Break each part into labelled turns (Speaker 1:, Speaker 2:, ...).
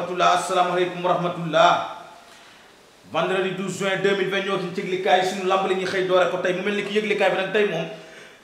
Speaker 1: rahmatullah asalaamaaleykum wa rahmatullah vendredi 12 juin 2020 ñoo ci yëglikaay suñu lamb la ñuy xëy doore ko tey mu mel ni ki yëglikaay bi nag tey moom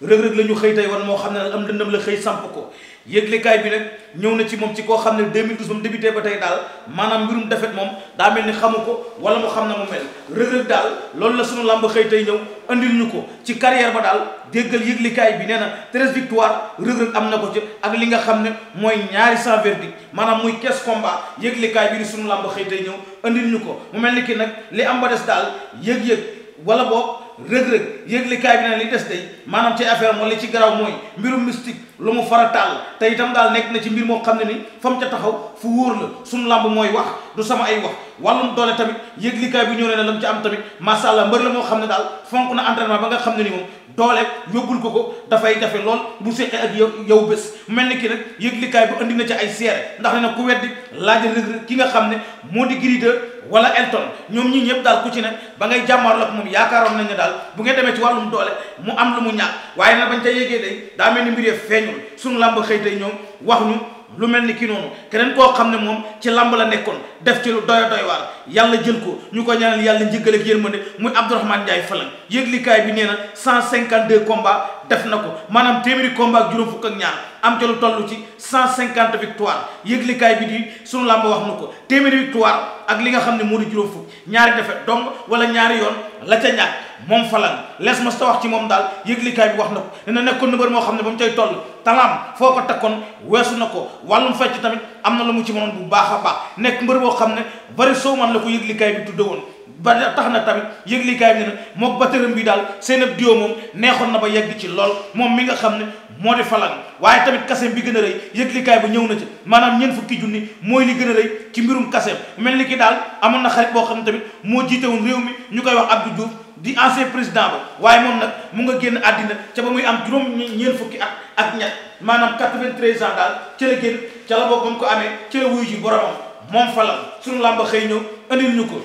Speaker 1: rëg-rëg la ñu xëy tey wan moo xam ne nag am dëndam la xëy samp ko yëglekaay bi nag ñëw na ci moom ci koo xam ne 2012 moom débuté ba tey daal maanaam mbirum defet moom daa mel ni xamu ko wala mu xam na mu mel daal loolu la sunu làmb xëy tey ñëw andil ñu ko ci carrière ba daal déggal yëglekaay bi nee na 13 victoire rëg am na ko ci ak li nga xam ne mooy ñaari sans verdict maanaam muy kees combat yëglekaay bi di sunu làmb xëy tey ñëw andil ko mu mel ni ki nag li am ba des daal yëg-yëg wala boog rëg-rëg yëglikaay bi ne li des day maanaam ci affaire moom li ci garaw mooy mbirum mystique lu mu farataal te itam daal nekk na ci mbir moo xam ne ni fa mu ca taxaw fu wóor la suñu làmb mooy wax du sama ay wax wàllum doole tamit yëglikaay bi ñëw ne la mu ci am tamit macha allah mbër la moo xam ne daal fonk na entraînement ba nga xam ne ni moom doole yóbbul ko ko dafay jafe lool mu seqee ak yow yow bés mel ni ki nag yëglikaay bi indi na ci ay seere ndax na ku weddi laaj rëg ki nga xam ne moo di Gris 2 wala Elton ñoom ñii ñëpp daal ku ci ba ngay jàmmaarloo ak moom yaakaaroon nañ ci wàllum doole mu am lu mu ñàkk waaye na bañ ca yéegee day daa mel ni mbir feeñul suñu làmb xëy tey ñoom wax ñu lu mel ni ki noonu keneen koo xam ne moom ci lamb la nekkoon def ci lu doy doy waar yàlla jël ko ñu ko ñaanal yàlla njëggal ak yërmande muy Abdourahmane Ndiaye Falang yëglikaay bi cent cinquante de combats def na ko maanaam téeméeri combat ak juróom fukk ak ñaar am ca lu tollu ci 150 victoire yëglikaay bi di sunu lamb wax nu ko téeméeri victoire ak li nga xam ne moo di juróom fukk ñaari defet dong wala ñaari yoon la ca ñàkk. moom falan lees mas ta wax ci moom daal yëglikaay bi wax na ko ne na nekkoon numéro moo xam ne ba mu cay toll talaam foo takkoon weesu na ko wàllum fecc tamit am na la mu ci mënoon bu baax a baax nekk mbër boo xam ne bari soo man la ko yëglikaay bi tudde woon ba tax na tamit yëglikaay bi ne na mook batëram bi daal seen ab diwo moom neexoon na ba yegg ci lool moom mi nga xam ne moo di falan waaye tamit kaseem bi gën a rëy yëglikaay bu ñëw na ci maanaam ñeent fukki junni mooy li gën a rëy ci mbirum kaseem mel ni ki amoon na xarit boo xam ne tamit moo jiite woon réew mi ñu koy wax Abdou Diouf di ancien président ba waaye moom nag mu nga génn àddina ca ba muy am juróom ñeen fukki at ak ñett maanaam 93 ans daal ca la génn ca la bokk ba mu ko amee ca la wuyu ji boromam moom falal suñu làmba xëy ñëw andil ñu ko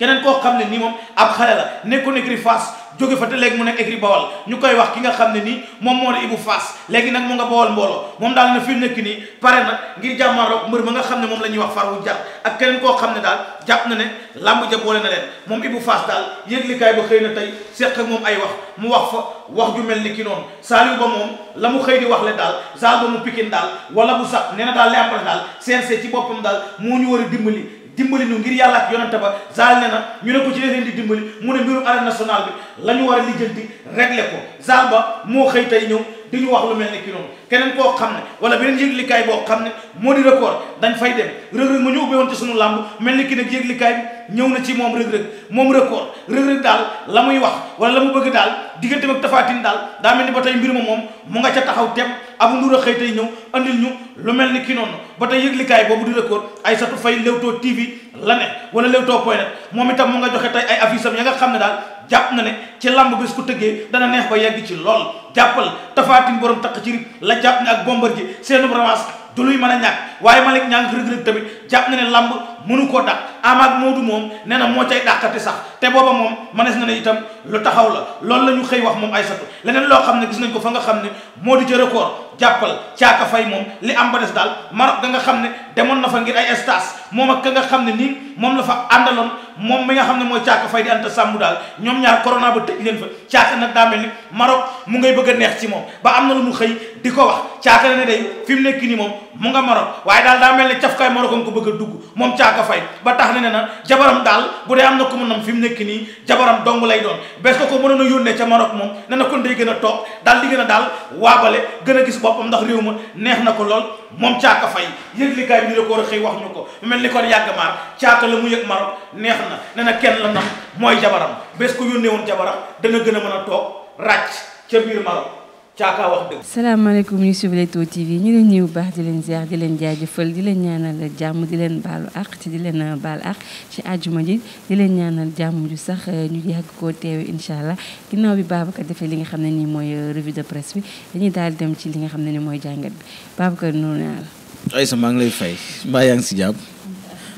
Speaker 1: keneen koo xam ne nii moom ab xale la nekkoon écurie Fass jóge fa te léegi mu nekk écurie Bawol ñu koy wax ki nga xam ne nii moom moo di Ibou Fass léegi nag mu nga Bawol mbooloo moom daal na nekk nii pare na ngir jàmmaaroo mbër ma nga xam ne moom la ñuy wax Farou Diagne ak keneen koo xam ne daal jàpp na ne làmb ja boole na leen moom Ibou Fass daal yëglikaay ba xëy na tey seq moom ay wax mu wax fa wax ju mel ni ki noonu Saliou ba moom la mu xëy di wax le daal Saliou ba mu Pikine daal wala bu sax nee na daal li am daal CNC ci boppam daal moo ñu war a dimbali dimbali nu ngir yàlla ak yonante ba zaal ne na ñu ne ko ci leen di dimbali mu ne mbirum arène nationale bi la ñu war a lijjanti régler ko zaal moo xëy tey ñëw duñu wax lu mel ne ki keneen koo xam ne wala beneen yëglikaay boo xam ne moo di record dañ fay dem rëg-rëg ma ñu ubbe woon ci sunu làmb mel ni ki nag yëglikaay bi ñëw na ci moom rëg-rëg moom record rëg la muy wax wala la bëgg daal diggante ak tafaatin daal daa mel ni ba tey mbir ma moom mu nga ca taxaw tepp abu ndur a xëy tey ñëw andil ñu lu mel ni ki noonu ba tey yëglikaay boobu di record ay sa satu fay Leewtoo TV la ne wala Leewtoo point net moom itam mu nga joxe tey ay affiche am ya nga xam ne daal jàpp na ne ci lamb bés ku tëggee dana neex ba yegg ci lool jàppal tafaatin boroom taq ci rib la jàpp ne ak bombar ji seenub ramas du luy mën a ñàkk waaye Malick ñaa ngi rëg-rëg tamit jàpp na ne làmb mënu koo dàq amaak moodu moom nee na moo cay dàqati sax te booba moom manes na ne itam lu taxaw la loolu la ñu xëy wax moom ay satu leneen loo xam ne gis nañ ko fa nga xam ne moo di ca record jàppal caaka fay moom li am ba daal Maroc da nga xam ne demoon na fa ngir ay stage moom ak ka nga xam ne nii moom la fa àndaloon moom mi nga xam ne mooy caaka fay di anta sàmm daal ñoom ñaar corona ba tëj leen fa caaka nag daa mel ni Maroc mu ngay bëgg a neex ci moom ba am na lu mu xëy di ko wax caaka ne ne day fi mu nekk nii moom mu nga Maroc waaye daal daa mel ne cafkaay Maroc nga ko bëgg a dugg moom caaka fay ba tax ndax ne na jabaram daal bu dee am na ku mu nam fi mu nekk nii jabaram dong lay doon bés ko ko mënoon a yónnee ca Maroc moom ne na kon day gën a toog daal di gën a daal waabale gën a gis boppam ndax réew ma neex na ko lool moom caaka fay yëglikaay bi ñu la ko war a xëy wax ñu ko mel ni kon yàgg maar caaka la mu yëg Maroc neex na ne na kenn la nam mooy jabaram bés ko yónnee woon jabaram dana gën a mën a toog ràcc ca biir Maroc caaka
Speaker 2: wax dëgg. salaamaaleykum ñu suivre Leewtoo TV ñu leen ñëw baax di leen ziar di leen jaajëfal di leen ñaanal jàmm di leen baalu àq ci di leen baal àq ci àjjuma ji di leen ñaanal jàmm ju sax ñu yàgg koo teewe incha allah ginnaaw bi Babacar defee li nga xam ne nii mooy euh, revue de presse bi dañuy daal dem ci li nga xam ne nii mooy jàngat bi Babacar noonu naa la.
Speaker 1: Aïssa lay fay mbaa ngi si jàmm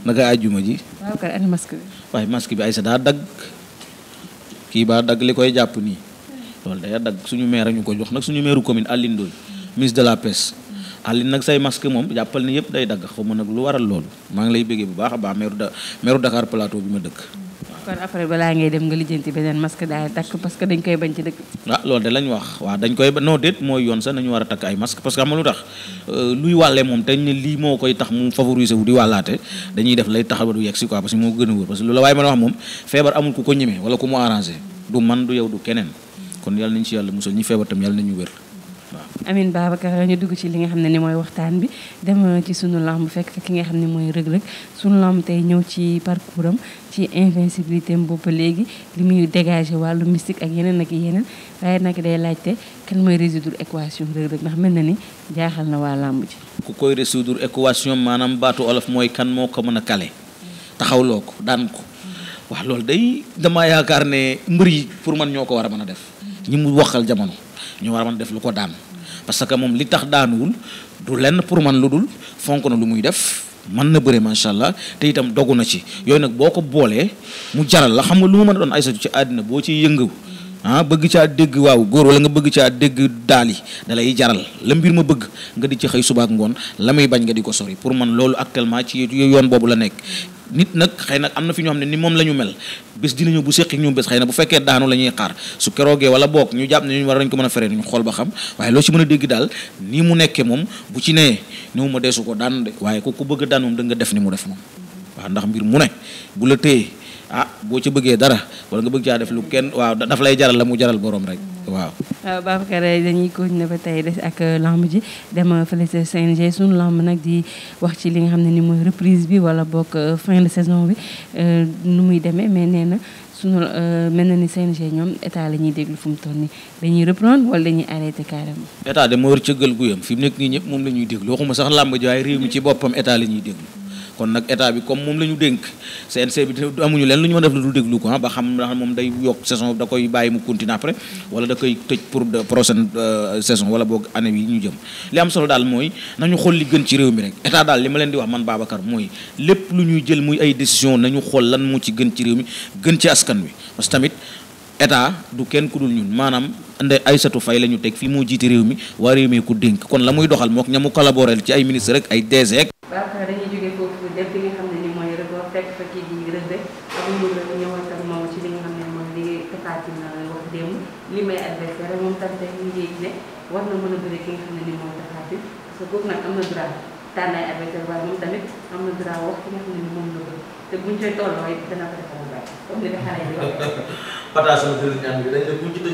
Speaker 1: naka àjjuma ji.
Speaker 2: Babacar ana mask bi.
Speaker 1: waaye masque bi Aïssa daa dagg kii baa dagg li koy jàpp nii. loolu day dagg suñu maire ñu ko jox nag suñu maire commune Alioune de la yëpp day dagg xaw ngi lay béggee bu baax a baax maire da maire Dakar Plateau bi ma dëkk
Speaker 2: kon après balaa ngay dem nga lijjanti beneen masque daal takk parce que
Speaker 1: ah, wax waaw dañ koy non déet mooy yoon sax nañu war a takk ay masque parce que xam lu tax euh, luy wàllee moom koy tax mu favoriser wu di wàllaate dañuy def lay taxaw du yegg si quoi parce que moo gën a wóor parce que lu la waaye mën a wax moom feebar amul ku ko ñemee wala ku mu arrangé du man du yow du keneen kon yàlla nañ ci yàlla musal ñi feebar tam yàlla nañu wér
Speaker 2: waaw. Amin Babacar ñu dugg ci li nga xam ne mooy waxtaan bi dem ci sunu lamb fekk ki nga xam ne mooy Reug Reug sunu lamb tey ñëw ci parcours am ci invincibilité am boobu léegi li muy dégagé wàllu mystique ak yeneen ak yeneen waaye nag day laajte kenn mooy résoudre équation Reug Reug ndax mel na ni jaaxal na waa lamb ji.
Speaker 1: ku koy résoudre équation maanaam baatu olof mooy kan moo ko mën a kale taxawloo ko daan ko. waaw loolu day damaa yaakaar ne mbër yi pour man ñoo ko war a mën a def ñi mu waxal jamono ñoo war a mën a def lu ko daan parce que moom li tax daanuwul du lenn pour man lu dul fonk na lu muy def man na bëre macha allah te itam dogu na ci yooyu nag boo ko boolee mu jaral la xam nga lu mu mën a doon ay sa ci àddina boo ciy yëngu ah bëgg caa dégg waaw góor wala nga bëgg caa dégg daal yi da lay jaral la mbir ma bëgg nga di ci xëy subaak ngoon la muy bañ nga di ko sori pour man loolu actuellement ci yoon boobu la nekk nit nag xëy nag am na fi ñoo xam ne ni moom la ñu mel bés dina ñëw bu seqi ñu bés xëy na bu fekkee daanu la ñuy xaar su keroogee wala boog ñu jàpp ne ñu war nañ ko mën a feree ñu xool ba xam waaye loo ci mën a dégg daal nii mu nekkee moom bu ci nee néew ma deesu ko daan de waaye ku ku bëgg daan moom def ni mu def moom ndax mbir mu ne bu la téye ah boo ci bëggee dara wala nga bëgg caa def lu kenn waaw daf lay jaral la mu jaral boroom rek waaw. waaw
Speaker 2: euh, Babacar dañuy continuer ba tey des ak euh, lamb ji dem euh, fële suñu lamb nag di wax ci li nga xam ne ni mooy reprise bi wala bokk fin de saison bi nu muy demee mais nee na suñu mel na ni CNG ñoom état la ñuy déglu fu mu toll nii dañuy reprendre wala dañuy arrêter carrément.
Speaker 1: état de moo war cëggal guyam fi nekk ñëpp moom la ñuy déglu waxuma sax lamb ji waaye réew mi ci boppam état la ñuy déglu. kon nag état bi comme moom la ñu dénk CNC bi amuñu leen lu ñu mën a def lu dul déglu ko ah, ba xam ndax moom day yokk saison da koy bàyyi mu continuer après wala da koy tëj pour de prochaine euh, saison wala boog année yi ñu jëm li am solo daal mooy nañu xool li gën ci réew mi rek état daal li ma leen di man Babacar mooy lépp lu ñuy jël muy ay décision nañu xool lan moo ci gën ci réew mi gën ci askan wi parce tamit état du kenn ku dul ñun maanaam nde Aïssatou Faye la ñu teg fii moo jiite réew mi waa réew mi ku dénk kon la muy doxal mook ña mu collaborer ci ay ministre rek ay DG
Speaker 2: war na mën a bëri ki nga xam ne ni moom Tapha Tine parce que kooku nag am na droit tànn ay adversaire waaye moom tamit am na droit ci duñ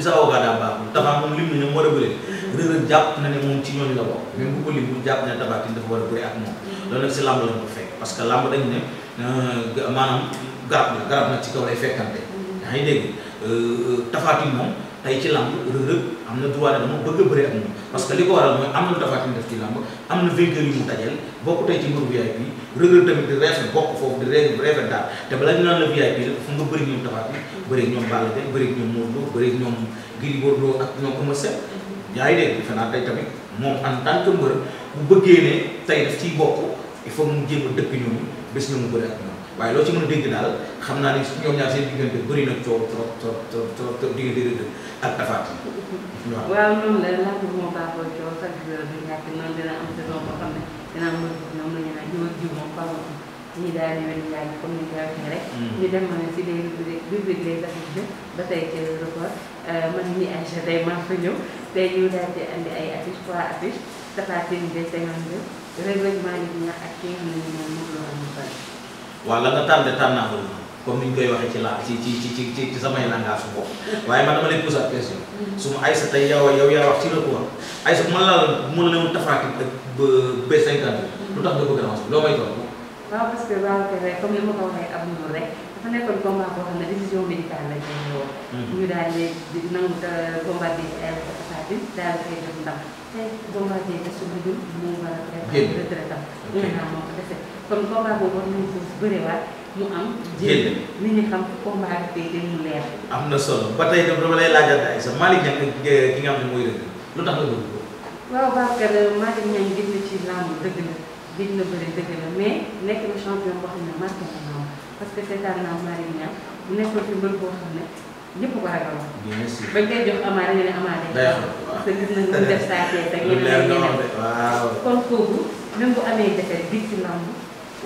Speaker 1: sa avocat na a bëri. Reug ci ñooñu la bokk. même bu a ci kaw lay fekkante yaa ngi dégg Tapha moom tey ci làmb Reug Reug am na droit ne dama bëgg a moom parce que li ko waral mooy am na lu Tapha Tine def ci làmb am na vainqueur yu mu dajeel bokk tey ci mbiru yaa ngi dégg defe moom en tant que mbër bu bëggee ne tey daf ciy bokk il faut mu jéem a dëkk ñooñu bés ñoomu bëri ak waaye loo ci mën a daal xam naa ne ñoom ñaar seen diggante bëri na coow trop trop trop trop trop diggante ak tafaat
Speaker 2: waaw noonu euh, la lan mm. euh, moo baaxoo coow noonu la nga waxee rek. ñu dem
Speaker 1: si naa comme ni ñu koy waxee ci la ci ci ci ci ci samay langage su bopp waaye man dama lay a ab mm-hmm. ma Aïssa tey yow yow ci la ko wax Aïssa bu ma la la newoon tafaati ak ba mm-hmm. ko waxee
Speaker 2: ab noonu ne décision médicale la ñu woon. Mm-hmm. ñu daal di nangu combat bi ay bi daal di koy def ndax a. boobu war nañu ko bëriwaat. mu am. génn li ñu xam combat bi tey dañu leer. am na solo ba
Speaker 1: tey dama lay laajal ay sa Malick Niang eh, ki nga xam ne mooy na ci
Speaker 2: nekk na champion ma parce que seetaan naa ne ñëpp ko ragal. bien sûr bañ koy jox amaat rek. lu leer nga waaw kon kooku même bu amee defet biir ci làmb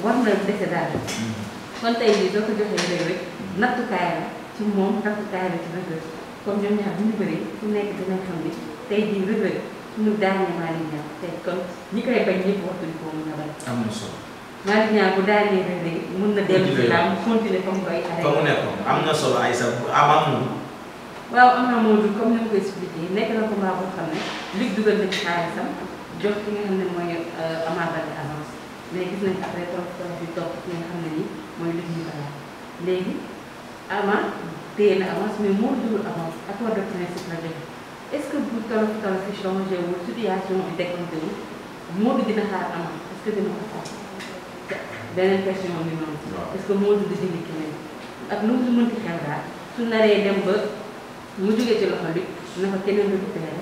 Speaker 2: war na defe daal. Mm-hmm. kon tey jii doo ko joxee léegi rek nattukaay la ci moom nattukaay la ci Reug Reug comme ñoom ñaar bu ñu bëree fu nekk dinañ xam ni tey jii Reug Reug suñu daanee Malick Niang tey kon ñi koy bañ ñëpp waxtuñ ko mën a bañ. am na solo. Malick Niang bu daanee na dellu ci laam am na solo sa amam. waaw am na Modou comme ni ma ko expliqué nekk na ko mbaa boo xam ne lig dugal na xaalisam jox ki nga xam ne mooy Ama Baldé mais gis nañ après trop trop di topp ki nga xam ne léegi Ama téye na avance mais moo dugul avance accord de principe la joxe est-ce que bu trop trop si changé wul situation bi décompté ce que dina ko xaar beneen question bi noonu. mu mënti xel mu bi na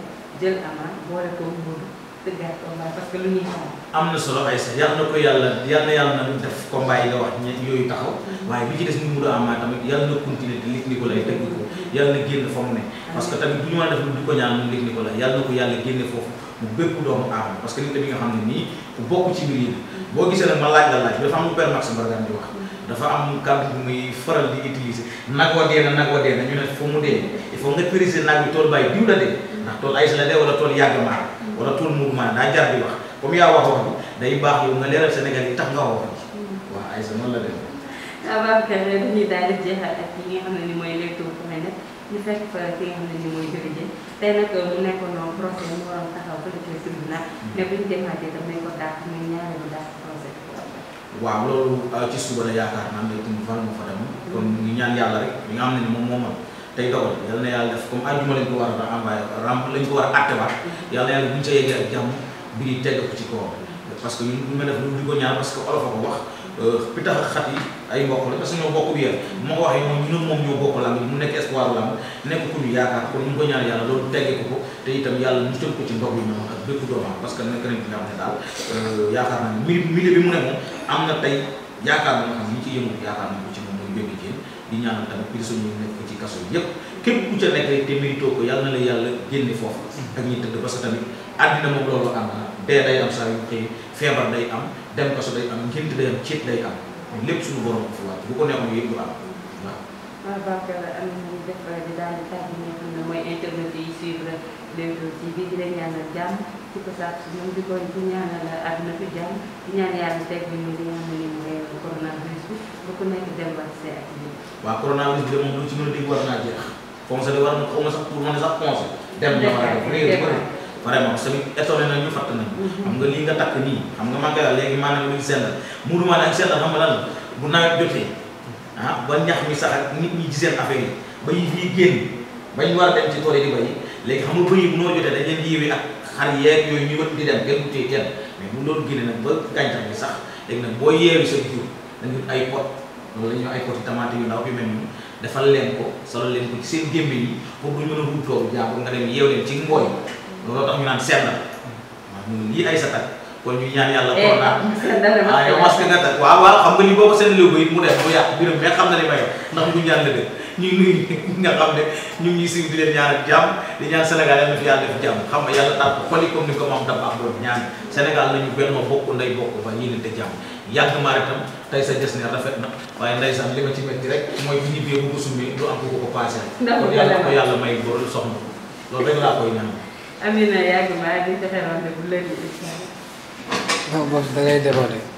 Speaker 2: jël Ama boole ko Modou. parce que lu ñuy
Speaker 1: am na solo ay sa yal na ko yàlla yal na yàlla na def combat yi nga wax ñe yooyu taxaw mm-hmm. waaye bi ci des ñu mën a amaat tamit yal na continuer di mm-hmm. mu ne mm-hmm. parce que tamit bu a ko ñaan moom lig ni ko lay yal na ko yàlla génne foofu mu bépp doomu aadama parce que nit bi nga xam ne nii ku bokk ci mbir yi boo gisee nag ma laaj la laaj bi dafa am lu père Max Mbargane di wax dafa am kàddu bu muy faral di utiliser nag wa dee na nag wa dee na ñu ne fa mu dee il faut nga préciser nag bi tool bàyyi diw la ndax tool ay la dee wala tout le mouvement daa jar di wax comme yaa wax wax bi day baax yow nga leeral Sénégal yi tax nga wax wax ji mm. waaw ay sa noonu la demee
Speaker 2: Ababacar ah, dañuy daal di jeexal ak yi nga xam ne ni mooy Leewtoo point net ñu fekk fa ki nga xam ne ni mooy Dieudj Dieng tey nag euh, mu nekkoon noonu procès mu ba def tribunal mm. mais bu ñu demaatee tam nañ
Speaker 1: euh, ci suba la yaakaar naa ne tumu fan moo fa dem mm. kon ñu ngi ñaan yàlla rek nga xam ne ni moom moo mën tey dogal yal na yàlla def comme àjjuma lañ ko war a envoyé ramp lañ ko war a àttewaat yal na yàlla buñ ca yeggee jàmm bi ñuy tegg ko ci kawam parce que ñun bu ma def ko ñaan parce a ko wax bi euh, tax ay mbokk la parce que ñoo bokk bi yar ma ko waxee moom yaakaar kon ko ñaan yàlla loolu teggee ko ko te itam yàlla mu tënk ko ci ndog yi ak bépp doomam parce que nekk nañ nga ne daal euh, yaakaar naa ne milieu mu ne moom am na tey yaakaar na nga xam ni ci yëngu yaakaar na ko ci moom mooy bépp jéem di ñaanal tamit personnes yi nekk ci kaso yépp képp ku ca nekk rek te méritoo ko yàlla na la yàlla génne foofu mm. ak ñi tëdd parce que tamit àddina moom loolu am na dee day am saa yu xëy feebar day am dem kaso day am ngént day am ceet day am lépp suñu borom ko fi wàcc bu ko neexoon yëpp du am waaw.
Speaker 2: Leewtoo TV di leen ñaanal jàmm di ko saako si ñoom di ko di ñaanal àdduna bi jàmm di ñaan yàlla teg bi ñu li nga xam ne mooy coronavirus bi ba ku nekk dem ba say activité. waaw
Speaker 1: bi de moom lu ci mën a dégg war na xaw ma sax a sax conseil. dem na war a mhm. nga lii nga takk nii xam nga manqué la léegi maa ak seetal xam nga lan bu nawet ah, ba ñax mi sax ak nit affaire yi ba yi fii génn war a dem ci tool yi di bay léegi xam nga bëy bu noo jotee dañ leen di yëwee ak xar yeeg yooyu ñu wët di dem kenn du téye kenn mais bu loolu génne nag ba gàncax gi sax léegi nag boo yeewi sa jur dañu ay pot loolu la ñuy yu ndaw defal leen ko solo leen ko ci seen gémmiñ yi pour bu ñu mën a wutoo jàpp nga dem yeew leen ci ngooy looloo tax ñu naan seet la waaw lii ay sa takk kon ñu ñaan yàlla eh, ko naa ah, ah yow masque nga seen léegi na li may ndax bu ñaan la dëgg ñu ngi nuyu nga xam ne di leen ñaan ak jàmm di ñaan Sénégal yàlla na fi yàlla def jàmm xam nga yàlla taal ko xoli comme ni ko moom tam am doon ñaan rafet na waaye ndeysaan li ma ci métti rek mooy bi ñu bee bu ko sumee du yàlla may bool soxna loolu rek laa koy ñaan
Speaker 2: non boobu da ngay déborder.